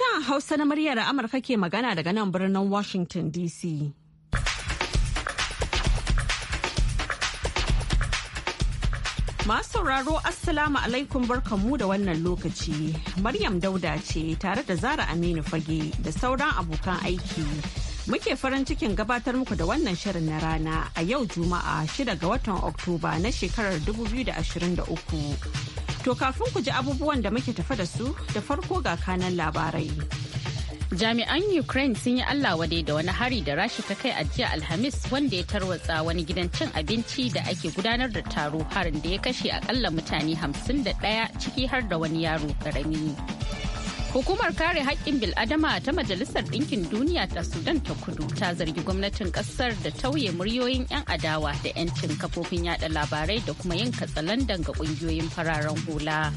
Sashen Hausa na muryar Amurka ke magana daga nan birnin Washington DC. Masu sauraro Assalamu alaikum barkanmu da wannan lokaci. Maryam Dauda ce tare da Zara Aminu Fage da sauran abokan aiki. Muke farin cikin gabatar muku da wannan shirin na rana a yau Juma'a 6 ga watan Oktoba na shekarar 2023. To kafin ku ji abubuwan da muke tafa da su da farko ga kanan labarai. Jami'an Ukraine sun yi Allah wade da wani hari da rashi ta kai a jiya Alhamis wanda ya tarwatsa wani gidan cin abinci da ake gudanar da taro harin da ya kashe akalla mutane 51 ciki har da wani yaro karami. Hukumar kare haƙƙin bil'adama ta Majalisar Ɗinkin Duniya ta Sudan ta kudu ta zargi gwamnatin ƙasar da tauye muryoyin 'yan adawa da 'yancin kafofin yada labarai da kuma yin katsalandan ga ƙungiyoyin fararen hula.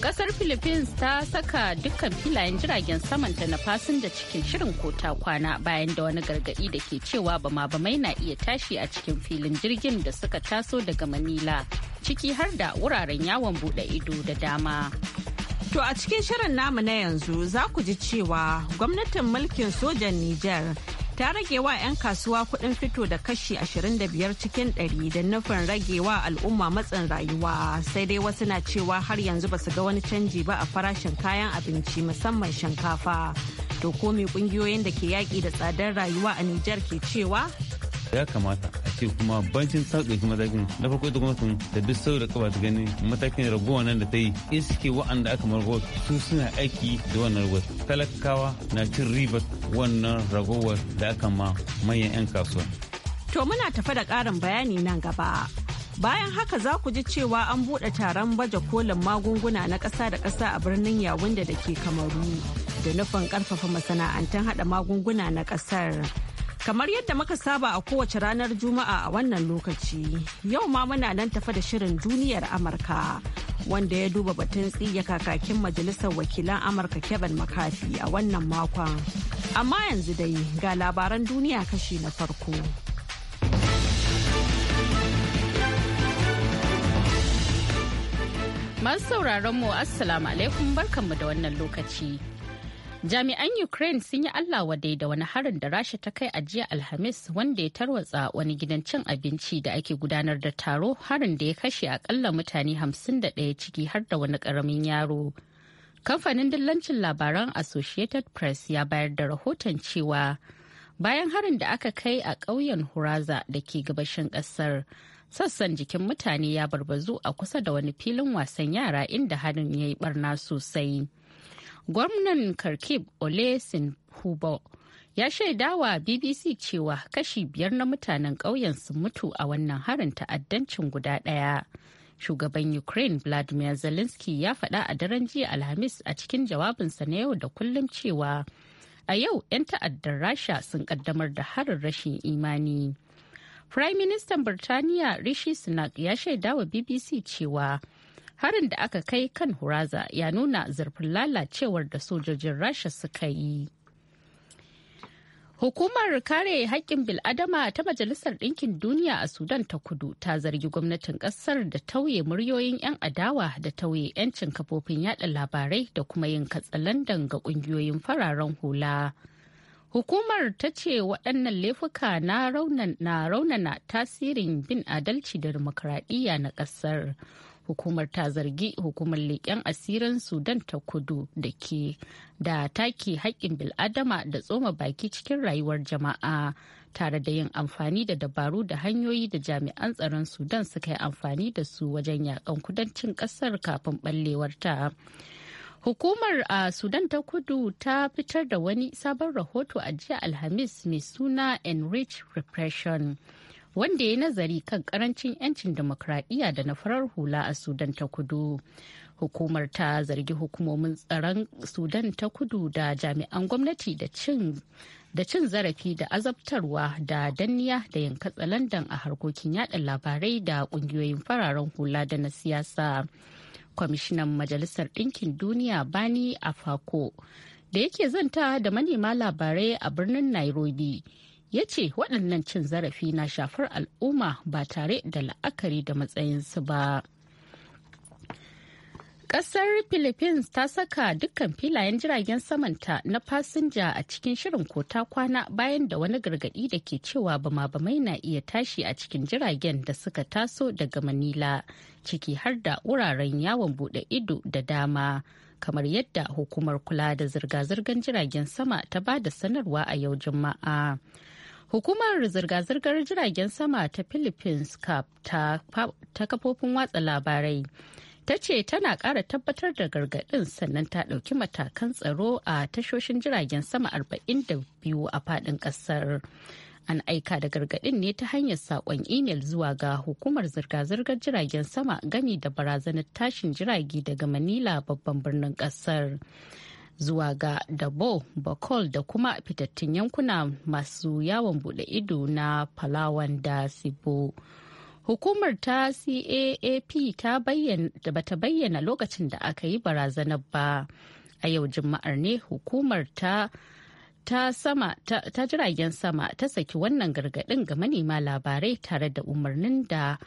Ƙasar Philippines ta saka dukkan filayen jiragen saman ta na fasinja cikin shirin kota kwana bayan da wani gargaɗi da ke cewa bama-bamai na iya tashi a cikin filin jirgin da suka taso daga Manila, ciki har da wuraren yawon buɗe ido da dama. To a cikin shirin namu na yanzu za ku ji cewa gwamnatin mulkin sojan Nijar ta rage wa 'yan kasuwa kuɗin fito da kashi 25 cikin 100 da nufin rage wa al'umma matsin rayuwa sai dai wasu na cewa har yanzu ba su ga wani canji ba a farashin kayan abinci musamman shinkafa. To ko me kungiyoyin da ke yaƙi da tsadar rayuwa a Nijar ke cewa? ya kamata a ce kuma bancin ta kuma matakin na farko ita gwamnatin da duk sau da kaba ta gani matakin raguwa nan da ta yi iske wa'anda aka margo su suna aiki da wannan raguwar talakawa na cin ribar wannan raguwar da aka ma manyan 'yan kasuwa. To muna tafa da ƙarin bayani nan gaba. Bayan haka za ku ji cewa an buɗe taron baje kolin magunguna na ƙasa da ƙasa a birnin Yawunde da ke Kamaru da nufin ƙarfafa masana'antar haɗa magunguna na ƙasar. Kamar yadda muka saba a kowace ranar Juma'a a wannan lokaci, yau ma muna nan tafa da shirin duniyar Amurka wanda ya duba batun tsiya kakakin Majalisar Wakilan Amurka Kevin McCarthy a wannan makon. Amma yanzu dai ga labaran duniya kashi na farko. Masu sauraron mu Assalamu alaikum barkanmu da wannan lokaci. Jami'an Ukraine sun yi Allah wadai da wani harin da Rasha ta kai a jiya Alhamis wanda ya tarwatsa wani gidan cin abinci da ake gudanar da taro harin da ya kashe akalla mutane 51 ciki har da wani karamin yaro. Kamfanin dillancin labaran Associated Press ya bayar da rahoton cewa bayan harin da aka kai a ƙauyen Huraza da ke gabashin ƙasar, sassan jikin mutane ya barbazu a kusa da wani filin wasan yara inda harin ya yi barna sosai. Gwamnan Kharkiv Ole Sinhubo ya shaidawa BBC cewa kashi biyar na mutanen ƙauyen sun mutu a wannan harin ta'addancin guda ɗaya. Shugaban Ukraine Vladimir Zelensky ya faɗa a daren jiya Alhamis a cikin jawabinsa na yau da kullum cewa a yau 'yan ta'addar Rasha sun ƙaddamar da harin rashin imani. Prime Minister Birtaniya Rishi Sunak ya shaidawa BBC cewa harin da aka kai kan huraza ya nuna zurfin lalacewar da sojojin rasha suka yi Hukumar kare haƙƙin bil'adama ta Majalisar Ɗinkin Duniya a Sudan ta kudu ta zargi gwamnatin ƙasar da tauye muryoyin 'yan adawa da tauye 'yancin kafofin yada labarai da kuma yin katsalandan ga ƙungiyoyin fararen hula. Hukumar ta ce waɗannan laifuka na raunana tasirin bin adalci da dimokuraɗiyya na ƙasar hukumar ta zargi hukumar leƙen asirin sudan ta kudu da ke da take haƙƙin bil'adama da tsoma baki cikin rayuwar jama'a tare da yin amfani da dabaru da hanyoyi da jami'an tsaron sudan suka yi amfani da su wajen yakan kudancin ƙasar kafin ɓallewarta. Hukumar a Sudan ta kudu ta fitar da wani sabon rahoto a jiya Alhamis mai suna Enrich Repression. wanda ya nazari kan karancin 'yancin demokradiyya da na farar hula a sudan ta kudu hukumar ta zargi hukumomin tsaron sudan ta kudu da jami'an gwamnati da cin zarafi da azabtarwa da danniya da tsalandan a harkokin yada labarai da kungiyoyin fararen hula da na siyasa kwamishinan majalisar ɗinkin duniya bani a fako da yake zanta da manema labarai a birnin nairobi ya ce waɗannan cin zarafi na shafar al'umma ba tare da la'akari da matsayinsu ba. Ƙasar Philippines ta saka dukkan filayen jiragen samanta na fasinja a cikin shirin kota kwana bayan da wani gargaɗi da ke cewa bama-bamai na iya tashi a cikin jiragen da suka taso daga Manila, ciki har da wuraren yawon buɗe ido da dama. Kamar yadda hukumar kula da zirga-zirgar jiragen sama ta ba da sanarwa a yau Juma'a. Hukumar zirga-zirgar jiragen sama ta Philippines Cap ta, kafofin watsa labarai ta ce tana kara tabbatar da gargaɗin sannan ta ɗauki matakan tsaro a tashoshin jiragen sama 42 a faɗin ƙasar. An aika da gargaɗin ne ta hanyar saƙon imel zuwa ga hukumar zirga-zirgar jiragen sama gani da barazanar tashin jirage daga Manila babban birnin ƙasar. zuwa ga dabo bakol da kuma fitattun yankuna masu yawon bude ido na palawan da sibo hukumar ta caap ta bayyana lokacin da aka yi barazanar ba a yau juma'ar ne hukumar ta ta sama ta, ta jiragen sama ta saki wannan gargadin ga manema labarai tare da umarnin da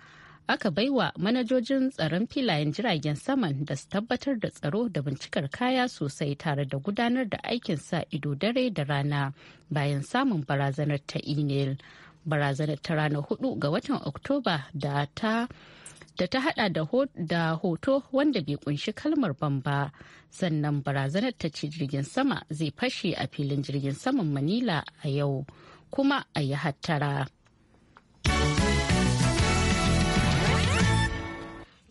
aka baiwa manajojin tsaron filayen jiragen saman da su tabbatar da tsaro da bincikar kaya sosai tare da gudanar da aikin sa ido dare da rana bayan samun barazanar ta inel barazanar ta ranar hudu ga watan oktoba da ta da ta hada da hoto wanda bai kunshi kalmar bamba sannan barazanar ta ci jirgin sama zai fashe a filin jirgin saman manila a yau kuma a yi hattara.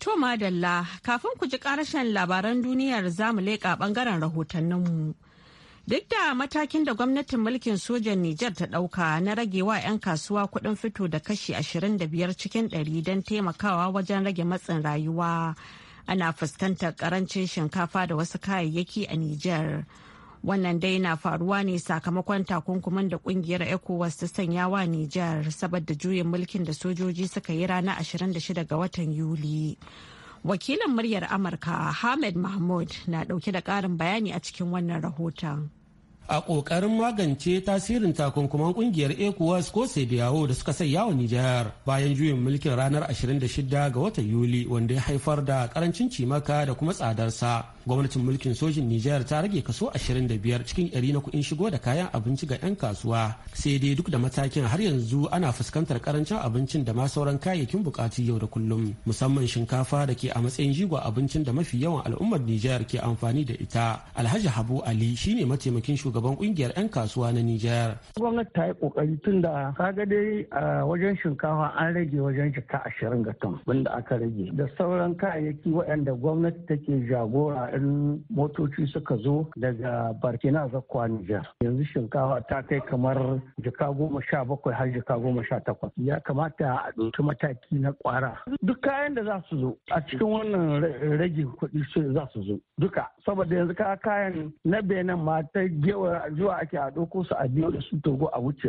To madalla kafin ku ji karashen labaran duniyar zamu leƙa bangaren rahotanninmu. Duk da matakin da gwamnatin mulkin sojan Nijar ta ɗauka na ragewa wa 'yan kasuwa kuɗin fito da kashi 25 cikin 100 don taimakawa wajen rage matsin rayuwa. Ana fuskantar ƙarancin shinkafa da wasu kayayyaki a Nijar. Wannan dai na faruwa ne sakamakon takunkumin da kungiyar ECOWAS ta sanya wa Nijar saboda juyin mulkin da sojoji suka yi rana 26 ga watan Yuli. Wakilin muryar Amurka hamed Mahmud na dauke da karin bayani a cikin wannan rahoton. a kokarin magance tasirin takunkuman kungiyar ecowas ko sediyawo da suka sai yawon nijar bayan juyin mulkin ranar 26 ga watan yuli wanda ya haifar da karancin cimaka da kuma tsadarsa gwamnatin mulkin sojin nijar ta rage kaso 25 cikin 100 na kuɗin shigo da kayan abinci ga 'yan kasuwa sai dai duk da matakin har yanzu ana fuskantar karancin abincin da ma sauran kayayyakin bukatu yau da kullum musamman shinkafa da ke a matsayin jigo abincin da mafi yawan al'ummar nijar ke amfani da ita alhaji habu ali shine mataimakin shugaban kungiyar 'yan kasuwa na nijar gwamnati ta yi kokari tun da kaga dai a wajen shinkafa an rage wajen jika ashirin ga ton wanda aka rage da sauran kayayyaki waɗanda gwamnati take jagora idan motoci suka zo daga Burkina Zakwa Nijar. Yanzu shinkafa ta kai kamar jika goma sha bakwai har jika goma sha takwas. Ya kamata a ɗauki mataki na kwara Duk kayan da za su zo a cikin wannan rage kuɗi za su zo. Duka saboda yanzu ka kayan na benin ma ta gewa zuwa ake a ɗauko su a biyu da su togo a wuce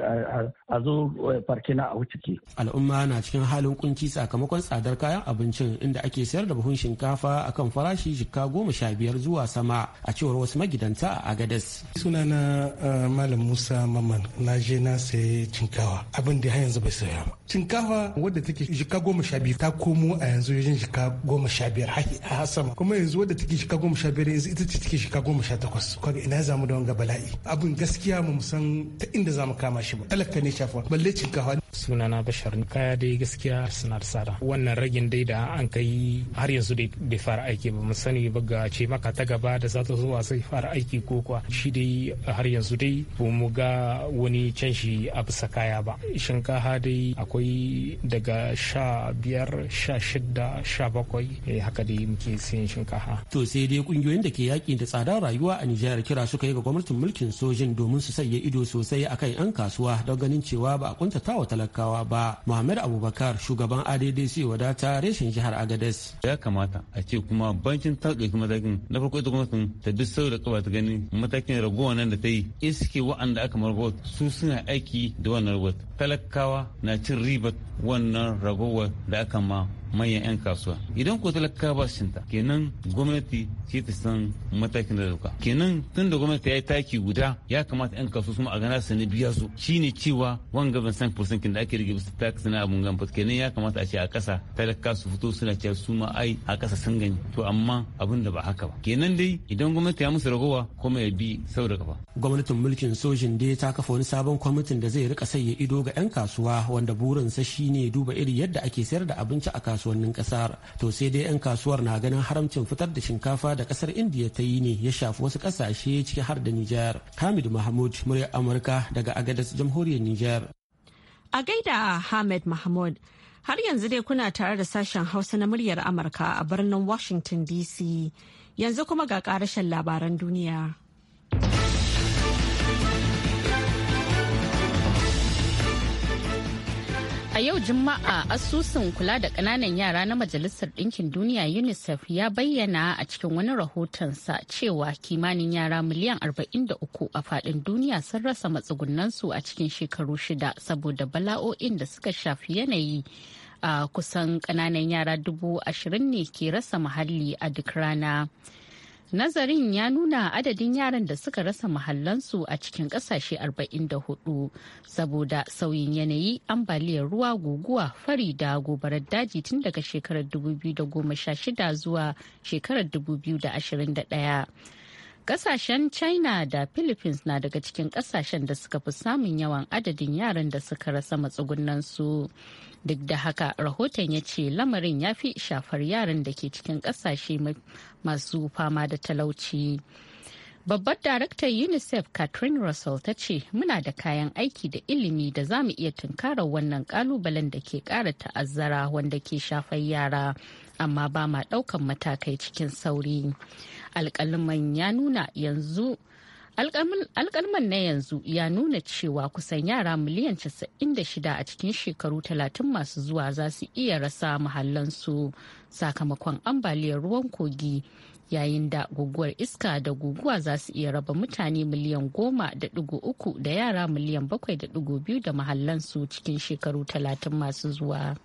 a zo eh, barkina a wuce ke. Al'umma na cikin halin kunci sakamakon tsadar kayan abincin inda ake sayar da buhun shinkafa akan farashi jika goma sha biyar zuwa sama a cewar wasu magidanta a agadas sunana eh, malam musa maman na je na sayi cinkawa abin da har yanzu bai saya ba shinkafa wadda take jika goma sha biyu ta komo a yanzu yajin jika goma sha biyar a sama kuma yanzu wadda take jika goma sha biyar yanzu ita ce take jika goma sha takwas kaga ina zamu da wanga bala'i abin gaskiya mu san ta inda zamu kama shi ba talaka ne shafa balle shinkafa sunana bashar kaya dai gaskiya suna da tsada wannan ragin dai da an kai har yanzu dai bai fara aiki ba mu sani ba ga ce maka ta gaba da za ta zo a sai fara aiki ko kuwa shi dai har yanzu dai ba mu ga wani canshi a bisa kaya ba shinkafa dai akwai akwai daga sha biyar sha shida sha bakwai eh, haka dai muke siyan shinkafa. to sai dai kungiyoyin da ke yaƙi da tsadar rayuwa a nijar kira suka yi ga gwamnatin mulkin sojin domin su sanya ido sosai akan 'yan kasuwa don ganin cewa ba a kuntata wa talakawa ba muhammad abubakar shugaban addc wadata reshen jihar agades ya kamata a ce kuma bankin ta ɗauki matakin na farko ita gwamnatin ta bi sau da kaba ta gani matakin raguwa nan da ta yi iske wa'anda aka margot su suna aiki da wannan ragot talakawa na cin ribar wannan ragowar da aka ma manyan 'yan kasuwa idan ko talaka ba su cinta kenan gwamnati ce ta san matakin da dauka kenan tun da gwamnati ya yi taki guda ya kamata 'yan kasuwa su gana su ne biya su shine cewa wan gaban san kin da ake rage su tax na abun gan kenan ya kamata a ce a kasa talaka su fito suna cewa su ma ai a kasa sun gani to amma abin da ba haka ba kenan dai idan gwamnati ya musu ragowa kuma ya bi sau da kafa gwamnatin mulkin sojin dai ta kafa wani sabon kwamitin da zai rika sanya ido ga 'yan kasuwa wanda burinsa ne duba irin yadda ake sayar da abinci a kasuwa kasuwannin kasar to sai dai 'yan kasuwar na ganin haramcin fitar da shinkafa da kasar indiya ta yi ne ya shafi wasu kasashe ciki har da nijar hamid mahmud murya amurka daga agadas jamhuriyar nijar a gaida hamid mahmud har yanzu dai kuna tare da sashen hausa na muryar amurka a birnin washington dc yanzu kuma ga karashen labaran duniya yau Juma'a asusun kula da kananan yara na Majalisar Ɗinkin Duniya UNICEF ya bayyana a cikin wani rahotonsa cewa kimanin yara miliyan 43 a faɗin duniya sun rasa matsugunansu a cikin shekaru shida saboda bala'o'in da suka shafi yanayi. a kusan kananan yara dubu ashirin ne ke rasa muhalli a duk rana. Nazarin ya nuna adadin yaran da suka rasa mahallansu a cikin kasashe 44 saboda sauyin yanayi ambaliyar ruwa guguwa fari da gobarar daji tun daga shekarar 2016 zuwa shekarar 2021. Kasashen China da Philippines na daga cikin kasashen da suka fi samun yawan adadin yaran da suka rasa matsugunansu. su. duk da haka rahoton ya ce lamarin ya fi shafar yaran da ke cikin kasashe masu fama da talauci babbar daraktar unicef catherine russell ta ce muna da kayan aiki da ilimi da za mu iya tunkarar wannan kalubalen da ke kara ta'azzara wanda ke shafar yara amma ba ma daukan matakai cikin sauri alkaliman ya nuna yanzu alkalman na yanzu ya nuna cewa kusan yara miliyan 96 a cikin shekaru 30 masu zuwa za su iya rasa mahallansu sakamakon ambaliyar ruwan kogi yayin da guguwar iska da guguwa za su iya raba mutane miliyan goma da da yara miliyan bakwai da biyu da mahallansu cikin shekaru 30 masu zuwa.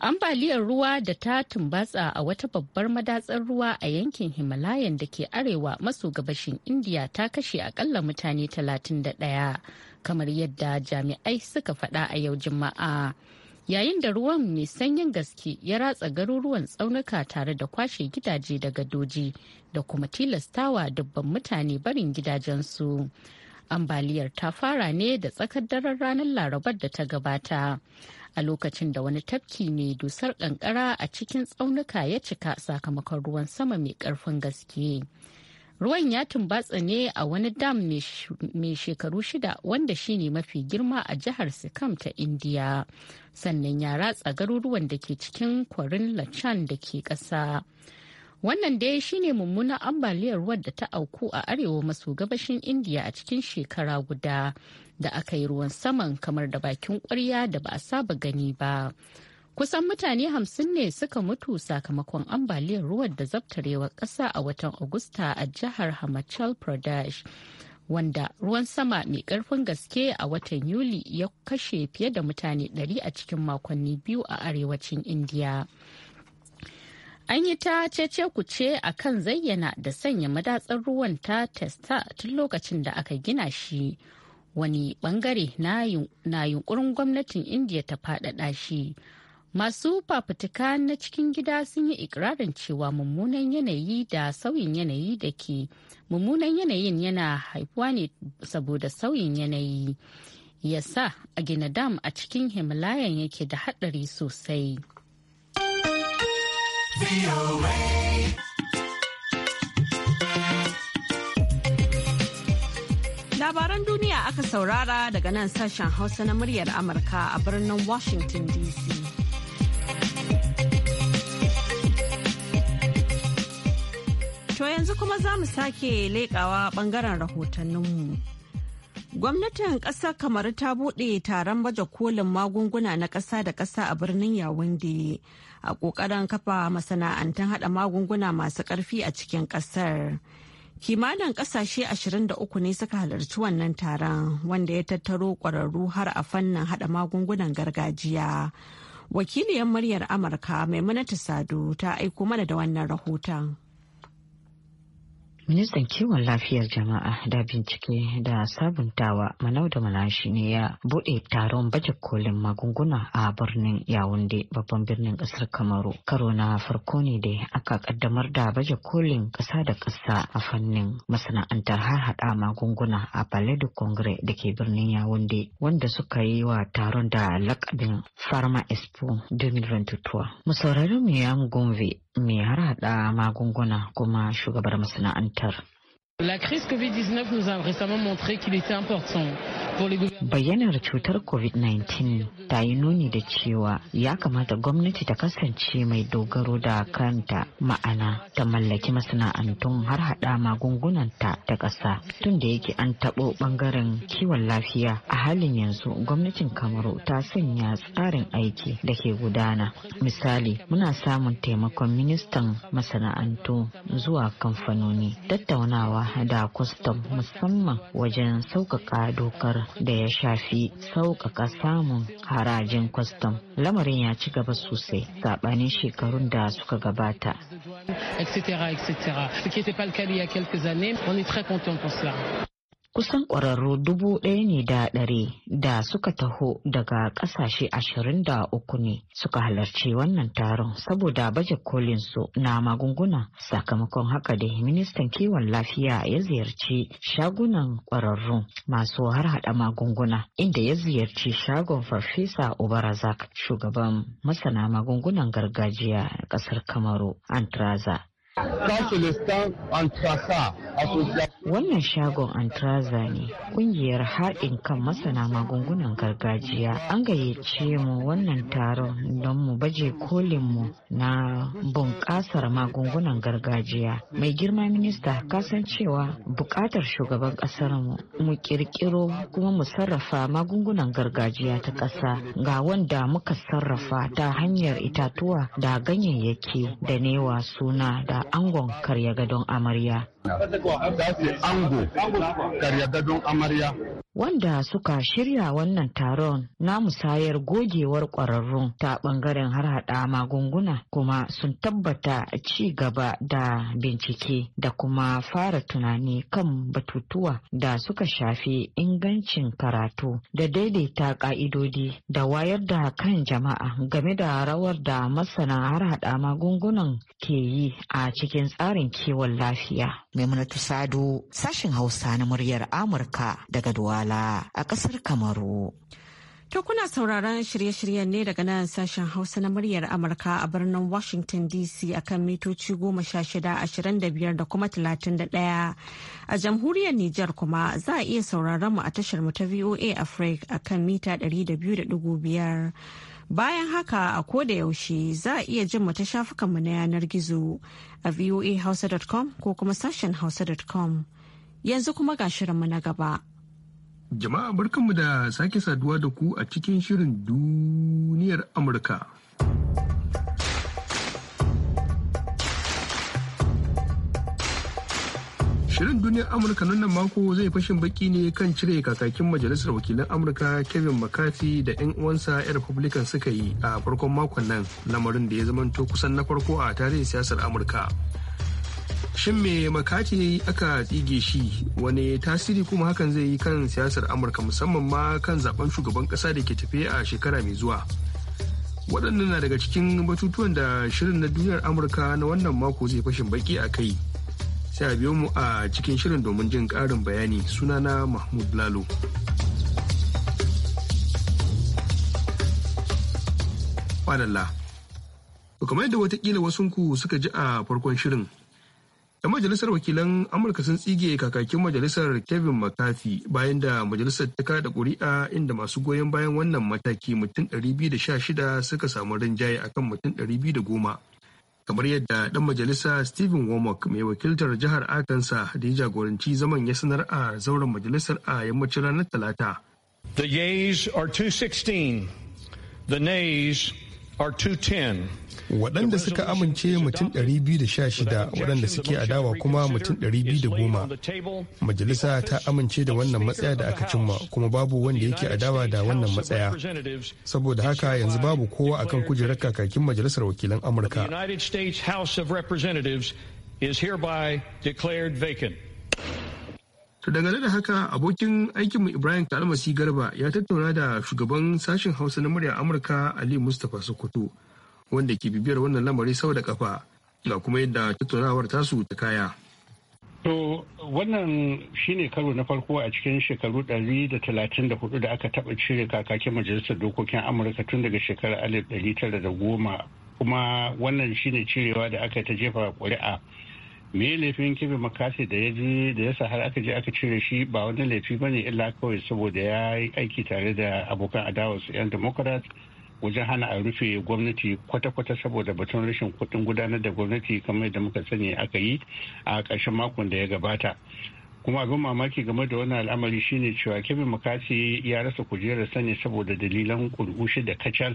Ambaliyar ruwa da ta tumbatsa a wata babbar madatsar ruwa a yankin Himalayan da ke arewa maso gabashin Indiya ta kashe akalla mutane 31 kamar yadda jami'ai suka faɗa a yau Juma'a. Yayin da ruwan mai sanyin gaske ya ratsa garuruwan tsaunuka tare da kwashe gidaje da gadoji da kuma tilastawa dubban mutane barin gidajensu. Ambaliyar ta fara ne da tsakar daren ranar larabar da ta gabata. a lokacin da wani tafki mai dusar kankara a cikin tsaunuka ya cika sakamakon ruwan sama mai karfin gaske ruwan ya tumbatsa ne a wani dam mai shekaru shida wanda shine mafi girma a jihar sikam ta indiya sannan ya ratsa garuruwan da ke cikin kwarin lachan da ke ƙasa. Wannan dai shine mummunan ambaliyar ruwan da ta auku a arewa maso gabashin Indiya a cikin shekara guda da aka yi ruwan saman kamar da bakin kwarya da ba a saba gani ba. Kusan mutane hamsin ne suka mutu sakamakon ambaliyar ruwan da zabtarewa ƙasa a watan Agusta a jihar hamachal Pradesh. Wanda ruwan sama mai ƙarfin gaske a watan Yuli ya kashe fiye da mutane 100 a cikin makonni biyu a arewacin Indiya. An yi ta cece ku ce a kan zayyana da sanya madatsar ruwan ta testa tun lokacin da aka gina shi. Wani bangare na yunkurin gwamnatin Indiya ta faɗaɗa shi. Masu fafutuka na cikin gida sun yi ikirarin cewa mummunan yanayi da sauyin yanayi da ke mummunan yanayin yana haifuwa ne saboda sauyin yanayi. Yasa a gina dam a cikin Himalayan yake da haɗari sosai. Labaran duniya aka saurara daga nan sashen Hausa na muryar Amurka a birnin Washington DC. To yanzu kuma za mu sake leƙawa ɓangaren rahotanninmu. Gwamnatin ƙasa kamar ta buɗe taron baje kolin magunguna na ƙasa da ƙasa a birnin Yawunde a ƙoƙarin kafa masana'antun haɗa magunguna masu ƙarfi a cikin ƙasar. Kimanin ƙasashe 23 ne suka halarci wannan taron wanda ya tattaro ƙwararru har a fannin haɗa magungunan gargajiya. Wakiliyar muryar Amurka Maimunatu Sado ta aiko mana da wannan rahoton. ministan kiwon lafiyar jama'a da bincike da sabuntawa manau da malashi ne ya bude taron baje kolin magunguna a birnin yawunde babban birnin kasar kamaru karo na farko ne da aka kaddamar da baje kolin kasa da kasa a fannin masana'antar harhaɗa magunguna a palais du congrès da ke birnin yawunde wanda suka yi wa taron da lakabin pharma expo 2022. mu saurari gombe mai harhaɗa magunguna kuma shugabar masana'antar. La crise Covid-19 nous a récemment montré qu'il était important Bayyanar cutar COVID-19 ta yi nuni da cewa ya kamata gwamnati ta kasance mai dogaro da kanta ma'ana ta mallaki masana'antun har hada magungunanta ta ƙasa. Tun da yake an taɓo ɓangaren kiwon lafiya a halin yanzu gwamnatin Kamaru ta sanya tsarin aiki da ke gudana. Misali, muna samun taimakon ministan masana'antu zuwa kamfanoni. Tattaunawa da kwastam musamman wajen sauƙaƙa dokar da ya shafi sauƙaƙa samun harajin kwastam. Lamarin ya ci gaba sosai zaɓanin shekarun da suka gabata. etc. etc. Ce n'était pas kusan ƙwararru dubu ɗaya ne da ɗari da suka taho daga ƙasashe ashirin da uku ne suka halarci wannan taron saboda baje kolin su na magunguna sakamakon haka da ministan kiwon lafiya ya ziyarci shagunan ƙwararru masu harhaɗa magunguna inda ya ziyarci shagon farfesa ubarazak shugaban masana magungunan gargajiya ƙasar kamaru antraza Wannan shagon Antraza ne kungiyar haɗin kan masana magungunan gargajiya. An gayyace mu wannan taron don mu baje kolin mu na bunƙasar magungunan gargajiya. Mai girma minista kasan cewa buƙatar shugaban ƙasarmu mu ƙirƙiro kuma mu sarrafa magungunan gargajiya ta ƙasa ga wanda muka sarrafa ta hanyar itatuwa da ganyayyaki da newa suna da angon karya gadon amarya ango amarya wanda suka shirya wannan taron na musayar gogewar ƙwararrun ta ɓangaren har harhaɗa magunguna kuma sun tabbata ci gaba da bincike da kuma fara tunani kan batutuwa da suka shafi ingancin karatu da daidaita ƙa'idodi da wayar da kan jama'a game da rawar da masana har harhaɗa magungunan ke yi a cikin tsarin kiwon lafiya Maimunatu Sadu sashin Hausa na muryar Amurka daga Duwala a ƙasar Kamaru. To kuna sauraron shirye-shiryen ne daga nan sashen Hausa na muryar Amurka a birnin Washington DC akan mitoci goma sha shida ashirin da biyar da kuma talatin da ɗaya. A jamhuriyar Nijar kuma za a iya sauraron mu a tashar mu ta VOA Africa akan mita ɗari da biyu da ɗigo biyar. Bayan haka a koda yaushe za a iya jin mu ta mu na yanar gizo a voahausa.com ko kuma sashen hausa.com. Yanzu kuma ga shirinmu na gaba. Jama'a barkanmu da sake saduwa da ku a cikin shirin duniyar Amurka. Shirin duniyar Amurka nan mako zai fashin baki ne kan cire kakakin majalisar wakilan Amurka Kevin McCarthy da 'yan uwansa 'yan Republican suka yi a farkon makon nan lamarin da ya zamanto kusan na farko a tarihin siyasar Amurka. Shin me McCarthy aka tsige shi wani tasiri kuma hakan zai yi kan siyasar Amurka musamman ma kan zaben shugaban kasa da ke tafe a shekara mai zuwa. Waɗannan na daga cikin batutuwan da shirin na duniyar Amurka na wannan mako zai fashin baki a kai. sai a biyo mu a cikin shirin domin jin ƙarin bayani sunana mahmud lalo kwanalla. kamar yadda watakila wasunku suka ji a farkon shirin. 'Yan majalisar wakilan Amurka sun tsige kakakin majalisar Kevin McCarthy bayan da majalisar ta kada kuri'a inda masu goyon bayan wannan mataki mutum 216 suka samu rinjaye akan mutum 210 kamar yadda dan majalisa stephen womack mai wakiltar jihar arkansas da ya jagoranci zaman ya sanar a zauren majalisar a yammacin ranar talata the yeas are 216 the nays are 210 waɗanda suka amince mutum 216 waɗanda suke adawa kuma mutum 210 majalisa ta amince da wannan matsaya da aka cimma kuma babu wanda yake adawa da wannan matsaya saboda haka yanzu babu kowa akan kujerar kakakin majalisar wakilan amurka To dangane da haka abokin aikinmu Ibrahim Kalmasi Garba ya tattauna da shugaban sashen Hausa na murya Amurka Ali Mustapha Sokoto. wanda ke bibiyar wannan lamari sau da kafa ga kuma yadda tattaunawar tasu ta kaya. To wannan shine karo na farko a cikin shekaru 134 da talatin da da hudu aka taɓa cire kakakin majalisar dokokin Amurka tun daga shekarar alif tara da goma kuma wannan shine cirewa da aka ta jefa ƙuri'a. Me laifin kibi makasi da ya je da ya har aka je aka cire shi ba wani laifi ba ne illa kawai saboda ya yi aiki tare da abokan adawarsu 'yan Democrat wajen hana a rufe gwamnati kwata-kwata saboda batun rashin kuɗin gudanar da gwamnati kamar da muka sani aka yi a ƙarshen makon da ya gabata kuma abin mamaki game da wannan al'amari shine cewa kebe makasi ya rasa kujerar sani saboda dalilan kurkushi da kacal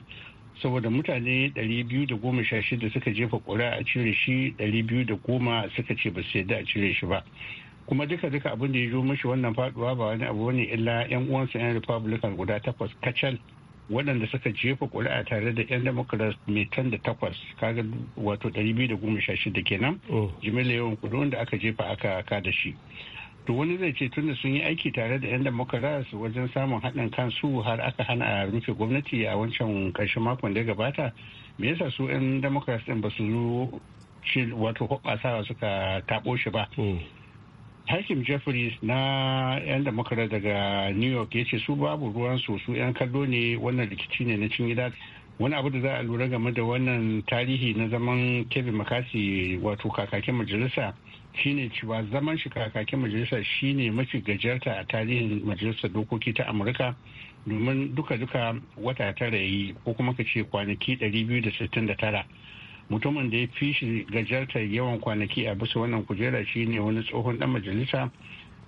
saboda mutane 216 suka jefa kuri'a a cire shi 210 suka ce ba su yadda a cire shi ba kuma duka duka abin da ya zo mashi wannan faduwa ba wani abu ne illa yan uwansa yan republican guda takwas kacal waɗanda suka jefa ƙuri'a tare da 'yan democrats mai tan da takwas kaga wato 216 kenan oh. jimila yawan kudin da aka jefa aka ka da shi to wani zai ce tunda sun yi aiki tare da 'yan democrats wajen samun haɗin kan su har aka hana a rufe gwamnati a wancan ƙarshen makon da ya gabata me yasa su 'yan democrats ɗin ba su wato hoɓɓasawa suka taɓo shi ba hmm. hakim jeffries na 'yan demokrat daga new york ya ce su babu ruwan su su 'yan kallo ne wannan rikici ne na cin gida wani abu da za a lura game da wannan tarihi na zaman kevin makasi wato kakakin majalisa shine cewa zaman shi kakakin majalisa shine mafi gajarta a tarihin majalisar dokoki ta amurka domin duka-duka wata tara yi ko kuma ka ce kwanaki 269 mutumin da ya fi shi gajartar yawan kwanaki a bisa wannan kujera shine wani tsohon dan majalisa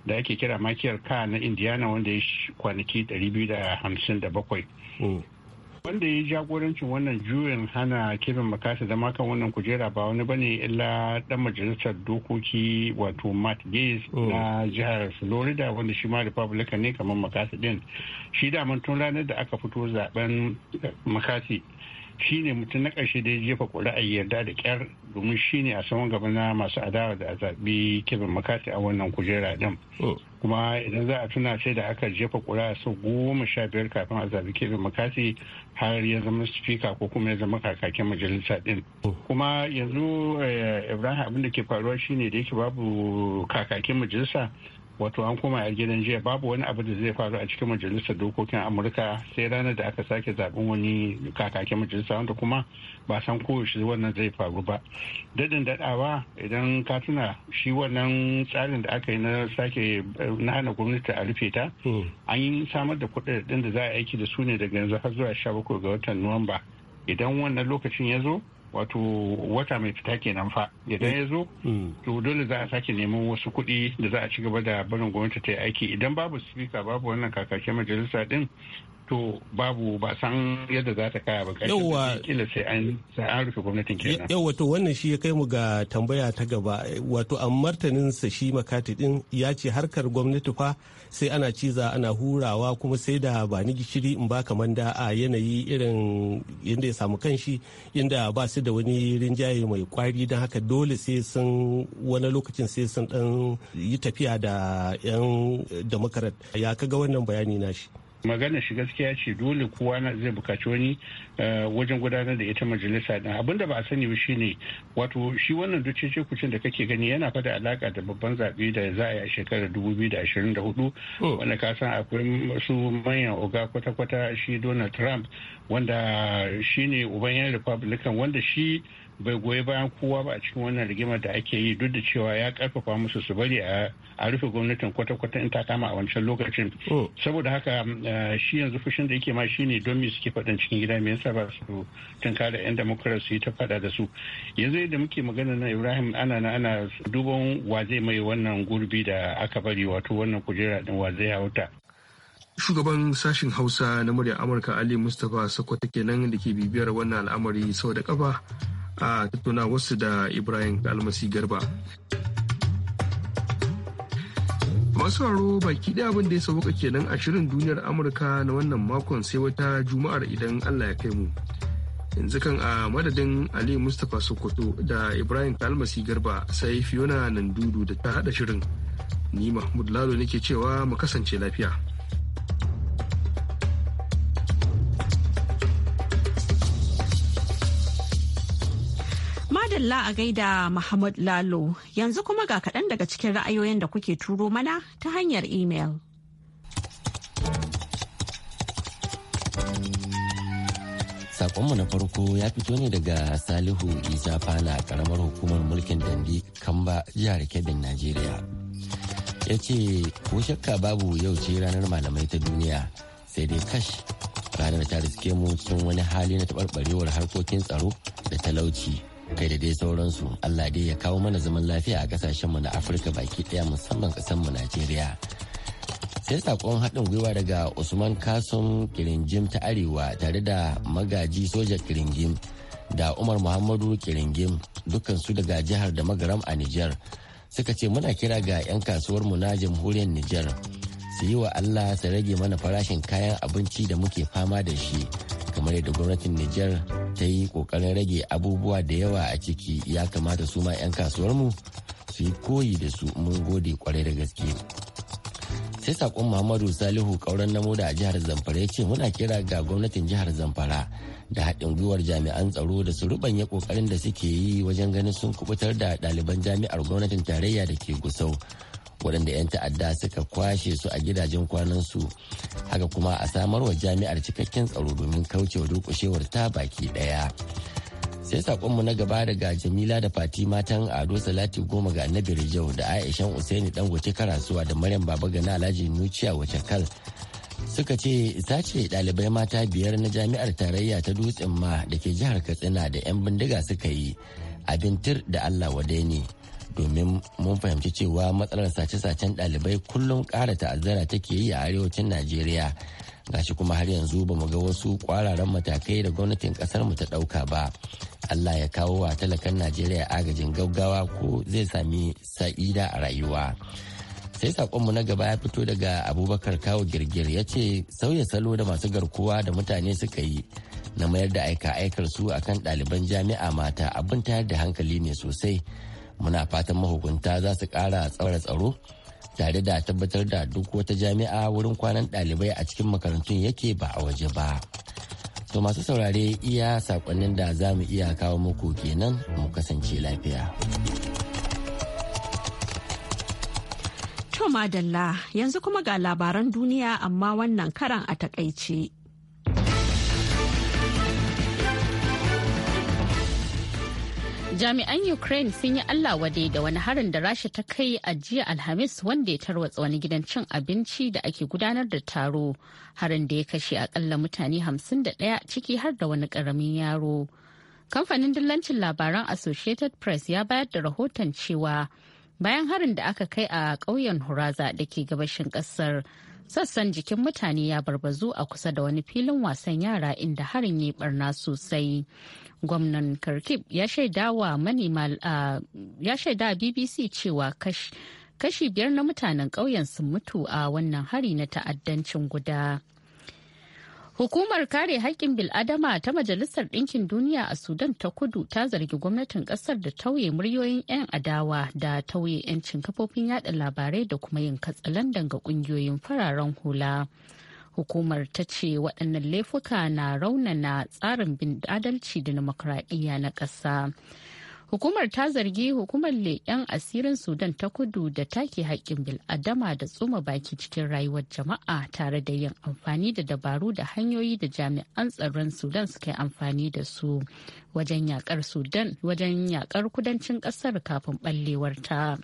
da ake kira makiyar ka na indiana wanda ya kwanaki 257 hmm. wanda ya jagorancin wannan juyin hana kevin makasa zama kan wannan kujera ba wani bane illa dan majalisar dokoki wato matt gates hmm. na jihar florida wanda shi ma republican ne kamar makasa din shi da tun ranar da aka fito zaben makasi Shi ne mutum na ƙarshe da ya jefa ƙuri'ar yarda da ƙyar domin shine a saman gaba na masu adawa da a zaɓi kevin makati a wannan kujera din oh. kuma idan za a tuna sai da aka jefa ƙuri'a sau goma sha biyar kafin a zaɓi kevin makati har ya zama spika ko kuma ya zama kakakin majalisa din oh. kuma yanzu eh, ibrahim abin da ke faruwa shine da yake babu kakakin majalisa wato an koma a gidan jiya babu wani abu da zai faru a cikin majalisar dokokin amurka sai ranar da aka sake zaben wani kakakin majalisa wanda kuma ba san koyaushe wannan zai faru ba dadin dadawa idan ka tuna shi wannan tsarin da aka yi na sake na hana gwamnati a rufe ta hmm. an yi samar da kuɗaɗen da za a aiki da su ne daga yanzu har zuwa sha ga watan nuwamba idan wannan lokacin ya zo wato wata mai fita kenan fa idan eh. ya zo hmm. to dole za a sake neman wasu kuɗi da za a ci gaba da barin gwamnati ta yi aiki idan babu spika babu wannan kakakin majalisa din to babu ba san yadda za ta kaya ba yawa kila sai an sai an rufe gwamnatin kenan yawwa to wannan shi ya kai mu ga tambaya ta gaba wato a martanin sa shi makati din ya ce harkar gwamnati fa sai ana ciza ana hurawa kuma sai da ba ni gishiri in ba kaman da a yanayi irin yadda ya samu kanshi inda ba su da wani rinjaye mai kwari don haka dole sai sun wani lokacin sai sun dan yi tafiya da yan demokrat ya kaga wannan bayani na shi magana shi gaskiya ce dole kowa zai bukaci wani eh, wajen gudanar da ita majalisa din abin ba a sani ba shine wato shi wannan ducece kucin da kake gani yana fada alaka da babban zaɓe da za a yi a shekarar 2024 wanda ka san akwai su manyan oga kwata-kwata shi donald trump wanda shine uban yan republican wanda shi bai goyi bayan kowa ba a cikin wannan rigimar da ake yi duk da cewa ya karfafa musu su bari a rufe gwamnatin kwata-kwata in ta kama a wancan lokacin oh. saboda haka um, uh, shi yanzu fushin da yake ma shi don me suke faɗin cikin gida me yasa ba su tunkara yan demokarasi ta faɗa da su yanzu yadda muke magana na ibrahim ana na ana duban wa zai mai wannan gurbi da aka bari wato wannan kujera din wa zai hauta shugaban sashen hausa na murya amurka ali mustapha sakwata kenan da ke bibiyar wannan al'amari sau da kafa a tattauna wasu da Ibrahim Almasi Garba. Masu haro baki ɗaya abin da ya sauka kenan a shirin duniyar Amurka na wannan makon sai wata juma'ar idan Allah ya kai mu. Yanzu kan a madadin Ali Mustapha Sokoto da Ibrahim Almasi Garba sai Fiona Nandudu da ta haɗa shirin. Ni Mahmud Lalo nake cewa mu kasance lafiya. Madalla a gaida Muhammad Lalo yanzu kuma ga kaɗan daga cikin ra'ayoyin da kuke turo mana ta hanyar imel. Sakonmu na farko ya fito ne daga Salihu Isa Fana karamar hukumar mulkin Dandi Kamba jihar Kebbin Najeriya. Ya ce ko shakka babu yau ce ranar malamai ta duniya sai dai kash ranar ta riske mu cikin wani hali na taɓarɓarewar harkokin tsaro da talauci. kai da dai sauransu Allah dai ya kawo mana zaman lafiya a kasashenmu na Afirka baki daya musamman mu Najeriya. Sai sakon haɗin gwiwa daga Usman Kasum Kiringim ta Arewa tare da magaji soja Kiringim da Umar Muhammadu Kiringim dukansu daga jihar da magaram a Nijar suka ce muna kira ga 'yan kasuwarmu na jamhuriyar Nijar su yi wa Allah su rage mana farashin kayan abinci da muke fama da shi. kamar yadda gwamnatin Nijar ta yi kokarin rage abubuwa da yawa a ciki ya kamata su ma 'yan kasuwarmu su yi koyi da su mun gode kwarai da gaske. sai sakon muhammadu salihu kauran namo da jihar zamfara ya ce muna kira ga gwamnatin jihar zamfara da haɗin gwiwar jami'an tsaro da su rubanya kokarin da suke yi wajen ganin sun kubutar da ɗaliban jami'ar gwamnatin tarayya da ke gusau waɗanda 'yan ta'adda suka kwashe su a gidajen kwanan su haka kuma a samarwa jami'ar cikakken tsaro domin kaucewa durƙushewar ta baki ɗaya sai saƙonmu na gaba daga jamila da fatima tan ado salati goma ga annabi rijau da aishan usaini dangote karasuwa da maryam baba gana alhaji nuciya wace kal suka ce ce ɗalibai mata biyar na jami'ar tarayya ta dutsen ma da ke jihar katsina da 'yan bindiga suka yi abin tir da allah wadai ne domin mun fahimci cewa matsalar sace-sacen ɗalibai kullum ƙara ta'azzara take yi a arewacin najeriya gashi kuma har yanzu ba mu ga wasu kwararan matakai da gwamnatin kasar mu ta ɗauka ba allah ya kawo wa talakan najeriya agajin gaggawa ko zai sami sa'ida a rayuwa sai sakonmu na gaba ya fito daga abubakar kawo girgir ya ce sauya salo da masu garkuwa da mutane suka yi na mayar da aika aikar su akan ɗaliban jami'a mata abin tayar da hankali ne sosai muna fatan mahukunta za su kara tsaura tsaro tare da tabbatar da duk wata jami'a wurin kwanan dalibai a cikin makarantun yake ba a waje ba to masu saurare iya sakonnin da za mu iya kawo muku kenan mu kasance lafiya to madalla yanzu kuma ga labaran duniya amma wannan karan a takaice Jami'an Ukraine sun yi Allah wade da wani harin da Rasha ta kai a jiya Alhamis wanda ya tarwatsa wani gidan cin abinci da ake gudanar da taro. Harin da ya kashe akalla mutane 51 ciki har da wani karamin yaro. Kamfanin dillancin labaran Associated Press ya bayar da rahoton cewa bayan harin da aka kai a ƙauyen Huraza da ke gabashin ƙasar. sassan jikin mutane ya barbazu a kusa da wani filin wasan yara inda harin ya barna sosai gwamnan kharkiv ya shaidawa bbc cewa kashi biyar na mutanen ƙauyen sun mutu a wannan hari na ta'addancin guda Hukumar kare haƙƙin bil'adama ta Majalisar Ɗinkin Duniya a Sudan ta kudu ta zargi gwamnatin ƙasar da tauye muryoyin 'yan adawa da tauye 'yancin kafofin yada labarai da kuma yin katsalandan ga ƙungiyoyin fararen hula. Hukumar ta ce waɗannan laifuka na raunana tsarin bin adalci da na ƙasa. Hukumar ta zargi hukumar leƙen asirin Sudan ta kudu da take haƙƙin bil'adama da tsuma baki cikin rayuwar jama'a tare da yin amfani da dabaru da hanyoyi da jami'an tsaron Sudan suka yi amfani da su wajen yakar Sudan wajen yakar kudancin kasar kafin ɓallewarta. ta.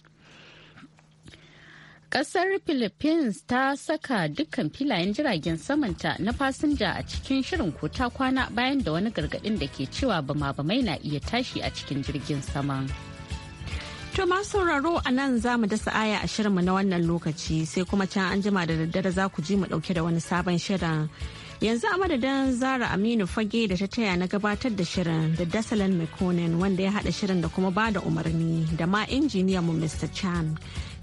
Kasar Philippines ta saka dukkan filayen jiragen samanta na fasinja a cikin shirin kota kwana bayan da wani gargadin da ke cewa bama-bamai na iya tashi a cikin jirgin saman. To masu sauraro a nan za mu dasa aya a shirinmu na wannan lokaci sai kuma can an jima da daddare za ku ji mu dauke da wani sabon shirin. Yanzu a madadin Zara Aminu Fage da ta taya na gabatar da shirin da Dasalan Mekonen wanda ya hada shirin da kuma bada umarni da ma injiniyanmu Mr. Chan.